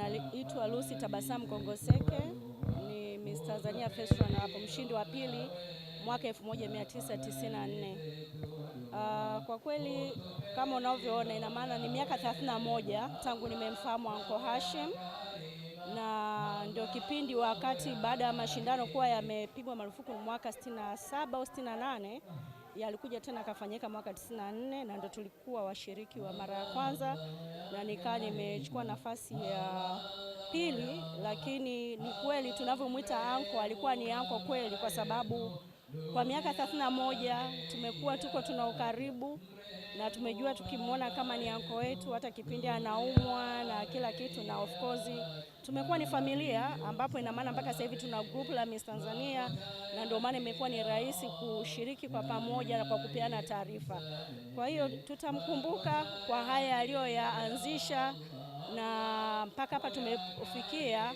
anaitwa Lucy Tabasamu Kongoseke ni Miss Tanzania First Runner hapo, mshindi wa pili mwaka 1994. Uh, ah, kwa kweli kama unavyoona, ina maana ni miaka 31 tangu nimemfahamu Uncle Hashim, na ndio kipindi wakati baada ya mashindano kuwa yamepigwa marufuku mwaka 67 au 68 yalikuja tena akafanyika mwaka 94 na ndo tulikuwa washiriki wa mara ya kwanza, na nikaa nimechukua nafasi ya pili, lakini ni kweli tunavyomwita anko alikuwa ni anko kweli, kwa sababu kwa miaka 31 tumekuwa tuko tuna ukaribu na tumejua tukimwona kama ni anko wetu, hata kipindi anaumwa kila kitu, na of course tumekuwa ni familia, ambapo ina maana mpaka sasa hivi tuna group la Miss Tanzania, na ndio maana imekuwa ni rahisi kushiriki kwa pamoja na kwa kupeana taarifa. Kwa hiyo tutamkumbuka kwa haya aliyoyaanzisha, na mpaka hapa tumefikia,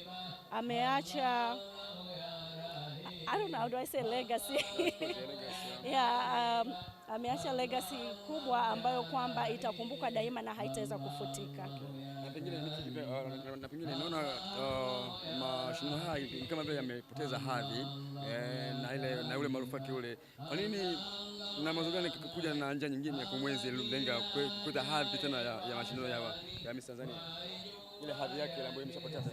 ameacha I don't know, how do I say legacy? Ah, yeah, um, ameacha legacy kubwa ambayo kwamba itakumbuka daima na haitaweza kufutika. Na pengine ah, naona ah, mashindano haya kama vile yamepoteza hadhi eh, na ule maarufu wake ule. Kwa nini na mawazo gani kuja na njia nyingine ya kumwenzi lenga kukuta hadhi tena ya mashindano ya Miss Tanzania, ile hadhi yake ambayo imeshapotea?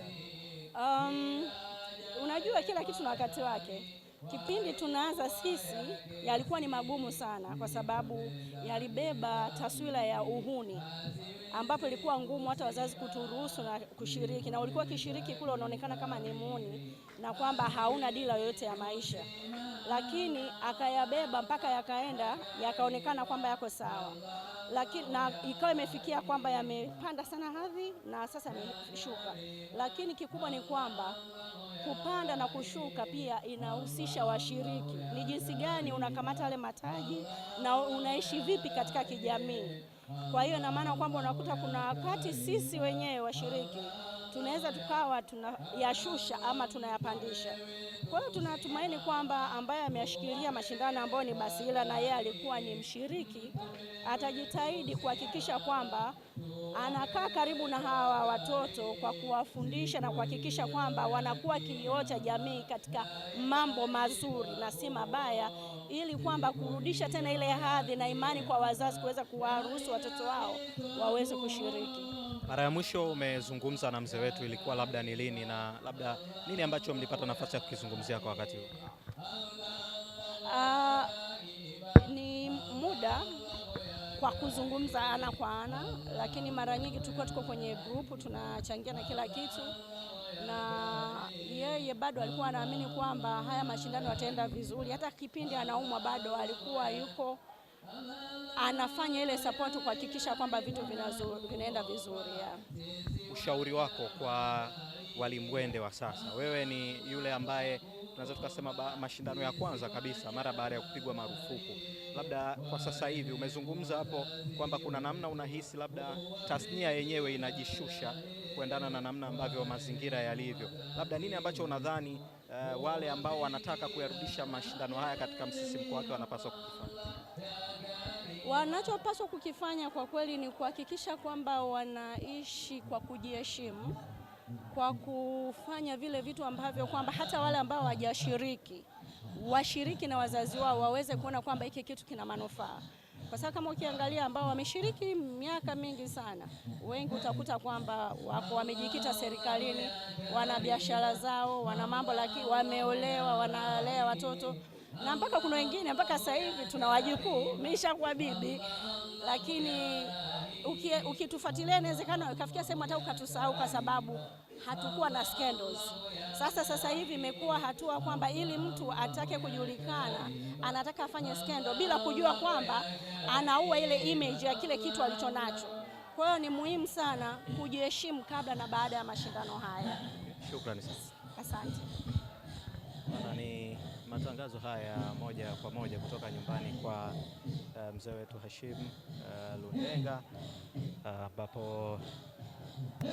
kila kitu na wakati wake. Kipindi tunaanza sisi yalikuwa ni magumu sana, kwa sababu yalibeba taswira ya uhuni, ambapo ilikuwa ngumu hata wazazi kuturuhusu na kushiriki, na ulikuwa kishiriki kule unaonekana kama ni muni na kwamba hauna dira yoyote ya maisha, lakini akayabeba mpaka yakaenda yakaonekana kwamba yako sawa, lakini na ikawa imefikia kwamba yamepanda sana hadhi na sasa yameshuka, lakini kikubwa ni kwamba kupanda na kushuka pia inahusisha kuwaelimisha washiriki ni jinsi gani unakamata yale mataji na unaishi vipi katika kijamii. Kwa hiyo na maana kwamba unakuta kuna wakati sisi wenyewe washiriki tunaweza tukawa tunayashusha ama tunayapandisha. Kwa hiyo tunatumaini kwamba ambaye ameyashikilia mashindano ambayo ni Basila na yeye alikuwa ni mshiriki, atajitahidi kuhakikisha kwamba anakaa karibu na hawa watoto kwa kuwafundisha na kuhakikisha kwamba wanakuwa kioo cha jamii katika mambo mazuri na si mabaya, ili kwamba kurudisha tena ile hadhi na imani kwa wazazi kuweza kuwaruhusu watoto wao waweze kushiriki. Mara ya mwisho umezungumza na mzee wetu ilikuwa labda ni lini na labda nini ambacho mlipata nafasi ya kukizungumzia kwa wakati huo? Uh, ah, ni muda kwa kuzungumza ana kwa ana, lakini mara nyingi tulikuwa tuko kwenye grupu tunachangia na kila kitu, na yeye bado alikuwa anaamini kwamba haya mashindano yataenda vizuri. Hata kipindi anaumwa bado alikuwa yuko anafanya ile support kuhakikisha kwamba vitu vinazo, vinaenda vizuri ya. Ushauri wako kwa walimwende wa sasa. Wewe ni yule ambaye tunaweza tukasema mashindano ya kwanza kabisa mara baada ya kupigwa marufuku. Labda kwa sasa hivi umezungumza hapo kwamba kuna namna unahisi labda tasnia yenyewe inajishusha kuendana na namna ambavyo mazingira yalivyo. Labda nini ambacho unadhani uh, wale ambao wanataka kuyarudisha mashindano haya katika msisimko wake wanapaswa kukifanya? Wanachopaswa kukifanya kwa kweli ni kuhakikisha kwamba wanaishi kwa kujiheshimu kwa kufanya vile vitu ambavyo kwamba hata wale ambao hawajashiriki washiriki na wazazi wao waweze kuona kwamba hiki kitu kina manufaa, kwa sababu kama ukiangalia ambao wameshiriki miaka mingi sana, wengi utakuta kwamba wako wamejikita serikalini, wana biashara zao, wana mambo lakini wameolewa, wanalea watoto na mpaka kuna wengine mpaka sasa hivi tuna wajukuu, mishakuwa bibi lakini ukitufuatilia inawezekana ukafikia sehemu hata ukatusahau kwa sababu hatukuwa na scandals. Sasa sasa hivi imekuwa hatua kwamba ili mtu atake kujulikana anataka afanye scandal bila kujua kwamba anaua ile image ya kile kitu alichonacho. Kwa hiyo ni muhimu sana kujiheshimu kabla na baada ya mashindano haya. Shukrani sana. Asante. Matangazo haya moja kwa moja kutoka nyumbani kwa uh, mzee wetu Hashim uh, Lundenga eh, ambapo uh,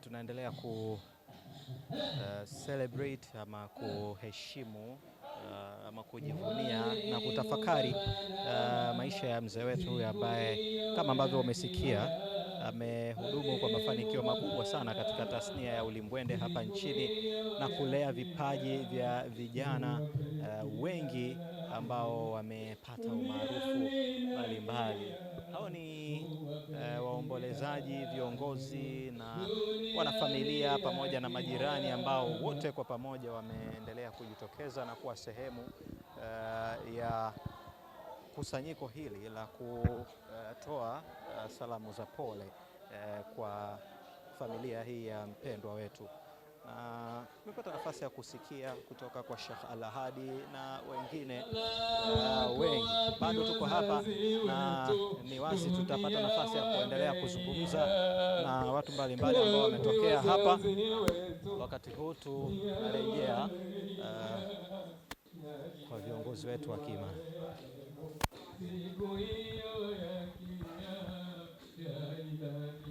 tunaendelea ku uh, celebrate ama kuheshimu uh, ama kujivunia na kutafakari uh, maisha ya mzee wetu huyu ambaye kama ambavyo umesikia amehudumu kwa mafanikio makubwa sana katika tasnia ya ulimbwende hapa nchini na kulea vipaji vya vijana uh, wengi ambao wamepata umaarufu mbalimbali. Hao ni uh, waombolezaji, viongozi na wanafamilia pamoja na majirani ambao wote kwa pamoja wameendelea kujitokeza na kuwa sehemu uh, ya kusanyiko hili la kutoa eh, salamu za pole eh, kwa familia hii ya mpendwa wetu na tumepata nafasi ya kusikia kutoka kwa Sheikh Al-Ahadi na wengine uh, wengi. Bado tuko hapa na ni wazi tutapata nafasi ya kuendelea kuzungumza na watu mbalimbali ambao wametokea hapa. Wakati huu turejea uh, kwa viongozi wetu wa kiimani. 그리고 이어야 기야 야이다